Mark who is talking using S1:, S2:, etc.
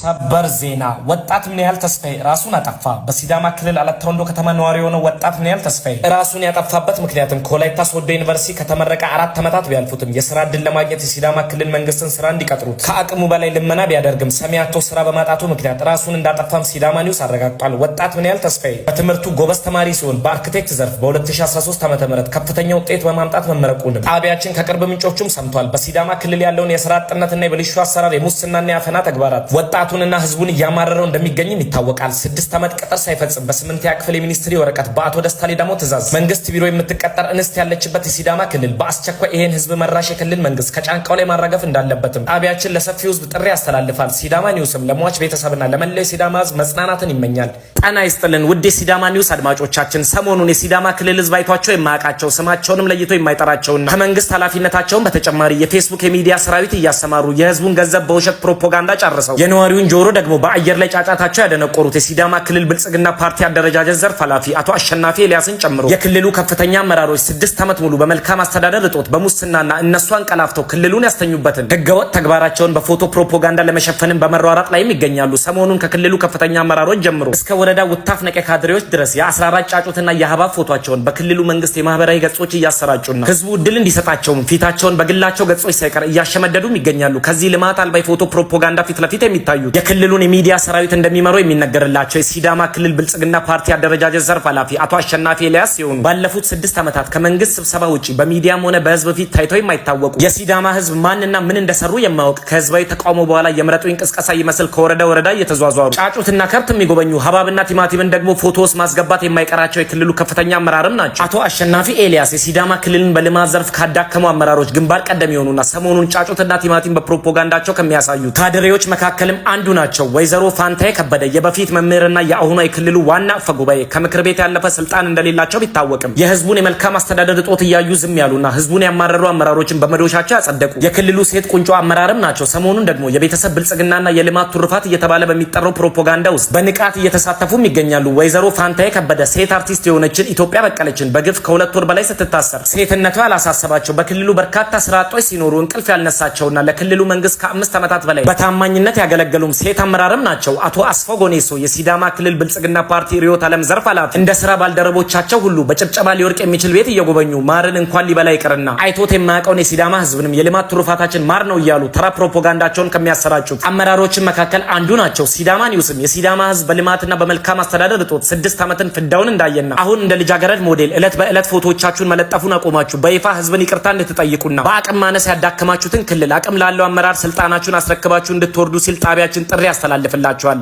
S1: ሰበር ዜና ወጣት ምን ያህል ተስፋዬ ራሱን አጠፋ። በሲዳማ ክልል አለታ ወንዶ ከተማ ነዋሪ የሆነው ወጣት ምን ያህል ተስፋዬ ራሱን ያጠፋበት ምክንያትም ከወላይታ ሶዶ ዩኒቨርሲቲ ከተመረቀ አራት ዓመታት ቢያልፉትም የስራ እድል ለማግኘት የሲዳማ ክልል መንግስትን ስራ እንዲቀጥሩት ከአቅሙ በላይ ልመና ቢያደርግም ሰሚያቶ ስራ በማጣቱ ምክንያት ራሱን እንዳጠፋም ሲዳማ ኒውስ አረጋግጧል። ወጣት ምን ያህል ተስፋዬ በትምህርቱ ጎበዝ ተማሪ ሲሆን በአርክቴክት ዘርፍ በ2013 ዓ ም ከፍተኛ ውጤት በማምጣት መመረቁንም ጣቢያችን ከቅርብ ምንጮቹም ሰምቷል። በሲዳማ ክልል ያለውን የስራ አጥነትና የብልሹ አሰራር የሙስናና የአፈና ተግባራት ወጣት ስርዓቱንና ህዝቡን እያማረረው እንደሚገኝም ይታወቃል። ስድስት ዓመት ቅጥር ሳይፈጽም በስምንተኛ ክፍል የሚኒስትሪ ወረቀት በአቶ ደስታ ሌዳሞ ትእዛዝ መንግስት ቢሮ የምትቀጠር እንስት ያለችበት የሲዳማ ክልል በአስቸኳይ ይህን ህዝብ መራሽ የክልል መንግስት ከጫንቃው ላይ ማራገፍ እንዳለበትም ጣቢያችን ለሰፊው ህዝብ ጥሪ ያስተላልፋል። ሲዳማ ኒውስም ለሟች ቤተሰብና ለመላው የሲዳማ ህዝብ መጽናናትን ይመኛል። ጠና ይስጥልን ውድ የሲዳማ ኒውስ አድማጮቻችን፣ ሰሞኑን የሲዳማ ክልል ህዝብ አይቷቸው የማያውቃቸው ስማቸውንም ለይቶ የማይጠራቸውና ከመንግስት ኃላፊነታቸውን በተጨማሪ የፌስቡክ የሚዲያ ሰራዊት እያሰማሩ የህዝቡን ገንዘብ በውሸት ፕሮፓጋንዳ ጨርሰው የነዋሪ የሰማያዊውን ጆሮ ደግሞ በአየር ላይ ጫጫታቸው ያደነቆሩት የሲዳማ ክልል ብልጽግና ፓርቲ አደረጃጀት ዘርፍ ኃላፊ አቶ አሸናፊ ኤልያስን ጨምሮ የክልሉ ከፍተኛ አመራሮች ስድስት ዓመት ሙሉ በመልካም አስተዳደር እጦት በሙስናና እነሱ አንቀላፍተው ክልሉን ያስተኙበትን ህገወጥ ተግባራቸውን በፎቶ ፕሮፓጋንዳ ለመሸፈንን በመሯራጥ ላይም ይገኛሉ። ሰሞኑን ከክልሉ ከፍተኛ አመራሮች ጀምሮ እስከ ወረዳ ውታፍ ነቄ ካድሬዎች ድረስ የአስራራት ጫጩትና የአህባብ ፎቶቸውን በክልሉ መንግስት የማህበራዊ ገጾች እያሰራጩና ህዝቡ እድል እንዲሰጣቸውም ፊታቸውን በግላቸው ገጾች ሳይቀር እያሸመደዱም ይገኛሉ። ከዚህ ልማት አልባ የፎቶ ፕሮፓጋንዳ ፊት ለፊት የሚታዩ ያሉት። የክልሉን የሚዲያ ሰራዊት እንደሚመሩ የሚነገርላቸው የሲዳማ ክልል ብልጽግና ፓርቲ አደረጃጀት ዘርፍ ኃላፊ አቶ አሸናፊ ኤልያስ ሲሆኑ ባለፉት ስድስት ዓመታት ከመንግስት ስብሰባ ውጭ በሚዲያም ሆነ በህዝብ ፊት ታይተው የማይታወቁ የሲዳማ ህዝብ ማንና ምን እንደሰሩ የማወቅ ከህዝባዊ ተቃውሞ በኋላ የምረጡ ቅስቀሳ ይመስል ከወረዳ ወረዳ እየተዟዟሩ ጫጩትና ከብት የሚጎበኙ ሀባብና ቲማቲምን ደግሞ ፎቶስ ማስገባት የማይቀራቸው የክልሉ ከፍተኛ አመራርም ናቸው። አቶ አሸናፊ ኤልያስ የሲዳማ ክልልን በልማት ዘርፍ ካዳከሙ አመራሮች ግንባር ቀደም የሆኑና ሰሞኑን ጫጩትና ቲማቲም በፕሮፓጋንዳቸው ከሚያሳዩ ካድሬዎች መካከልም አንዱ ናቸው። ወይዘሮ ፋንታዬ ከበደ የበፊት መምህርና የአሁኗ የክልሉ ዋና አፈ ጉባኤ ከምክር ቤት ያለፈ ስልጣን እንደሌላቸው ቢታወቅም የህዝቡን የመልካም አስተዳደር እጦት እያዩ ዝም ያሉና ህዝቡን ያማረሩ አመራሮችን በመዶሻቸው ያጸደቁ የክልሉ ሴት ቁንጮ አመራርም ናቸው። ሰሞኑን ደግሞ የቤተሰብ ብልጽግናና የልማት ቱርፋት እየተባለ በሚጠራው ፕሮፓጋንዳ ውስጥ በንቃት እየተሳተፉም ይገኛሉ። ወይዘሮ ፋንታዬ ከበደ ሴት አርቲስት የሆነችን ኢትዮጵያ በቀለችን በግፍ ከሁለት ወር በላይ ስትታሰር ሴትነቷ ያላሳሰባቸው በክልሉ በርካታ ስራ አጦች ሲኖሩ እንቅልፍ ያልነሳቸውና ለክልሉ መንግስት ከአምስት ዓመታት በላይ በታማኝነት ያገለገሉ አይደሉም፣ ሴት አመራርም ናቸው። አቶ አስፋው ጎኔሶ የሲዳማ ክልል ብልጽግና ፓርቲ ርዕዮተ ዓለም ዘርፍ ኃላፊ እንደ ስራ ባልደረቦቻቸው ሁሉ በጭብጨባ ሊወርቅ የሚችል ቤት እየጎበኙ ማርን እንኳን ሊበላ ይቅርና አይቶት የማያውቀውን የሲዳማ ህዝብንም የልማት ትሩፋታችን ማር ነው እያሉ ተራ ፕሮፓጋንዳቸውን ከሚያሰራጩት አመራሮችን መካከል አንዱ ናቸው። ሲዳማ ኒውስም የሲዳማ ህዝብ በልማትና በመልካም አስተዳደር እጦት ስድስት ዓመትን ፍዳውን እንዳየና አሁን እንደ ልጃገረድ ሞዴል እለት በእለት ፎቶዎቻችሁን መለጠፉን አቆማችሁ በይፋ ህዝብን ይቅርታ እንድትጠይቁና በአቅም ማነስ ያዳከማችሁትን ክልል አቅም ላለው አመራር ስልጣናችሁን አስረክባችሁ እንድትወርዱ ሲል ጣቢያ ጥሪ ያስተላልፍላችኋል።